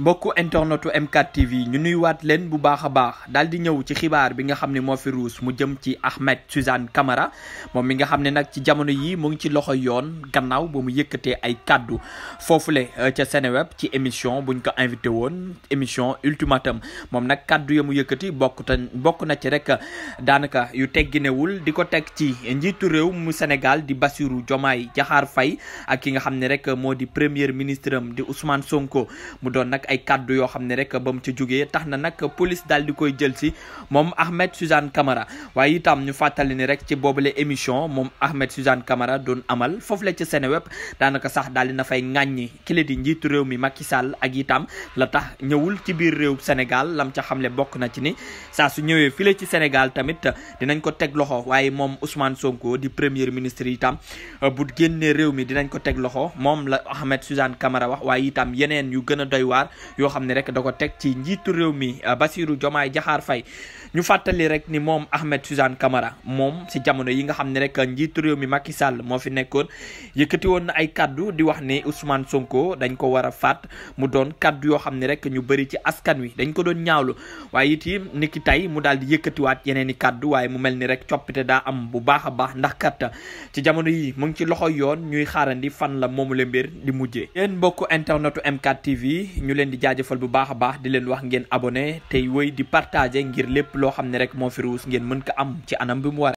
mbokk internetu M4 TV ñu nuyuwaat leen bu baax a baax daal di ñëw ci xibaar bi nga xam ne moo fi ruus mu jëm ci Ahmed Suzanne kamara moom mi nga xam ne nag ci jamono yi mu ngi ci loxo yoon gannaaw ba mu yëkkatee ay kàddu foofule euh, ca Seneweb ci émission buñ ko invité woon émission ultimatum moom nag kàddu ya mu yëkkati bokk bokk na ci rek euh, daanaka yu tegginewul di ko teg ci njiitu réew mu Sénégal di Bassirou Diomaye jaxaar fay ak ki nga xam ne rek moo di premier ministre am Sonko ay kàddu yoo xam ne rek ba mu ci jógee tax na nag police daal di koy jël si moom Ahmed Suzanne Camara waaye itam ñu fàttali ne rek ci boobule émission moom Ahmed Suzanne kamara doon amal foofu la ci Seneweb daanaka sax daal di na fay ŋàññi kile di njiitu réew mi Macky Sall ak itam la tax ñëwul ci biir réew Sénégal lam ca xamle bokk na ci ni saa su ñëwee file ci Sénégal tamit dinañ ko teg loxo waaye moom Ousmane Sonko di premier ministre itam euh, bu génnee réew mi dinañ ko teg loxo moom la Ahmed Suzanne Camara wax waaye itam yeneen yu gën a doy waar yoo xam ne rek da ko teg ci njiitu réew mi euh, Bassirou Diomaye jaxaar fay ñu fàttali rek ni moom Ahmed Suzanne kamara moom si jamono yi nga xam ne rek njiitu réew mi Macky Sall moo fi nekkoon yëkkati woon na ay kaddu di wax ni Ousmane Sonko dañ ko war a faat mu doon kaddu yoo xam ne rek ñu bëri ci askan wi dañ ko doon ñaawlu waaye it yi niki tey mu daal di yëkkatiwaat yeneen i kaddu waaye mu mel ni rek coppite daa am bu baax a baax ndax kat ci jamono yi mu ngi ci loxo yoon ñuy xaarandi fan la moomu le mbir di mujjee leen di jaajëfal bu baax a baax di leen wax ngeen abonné tey wéy di partager ngir lépp loo xam ne rek moo fi ruus ngeen mën ko am ci anam bi mu war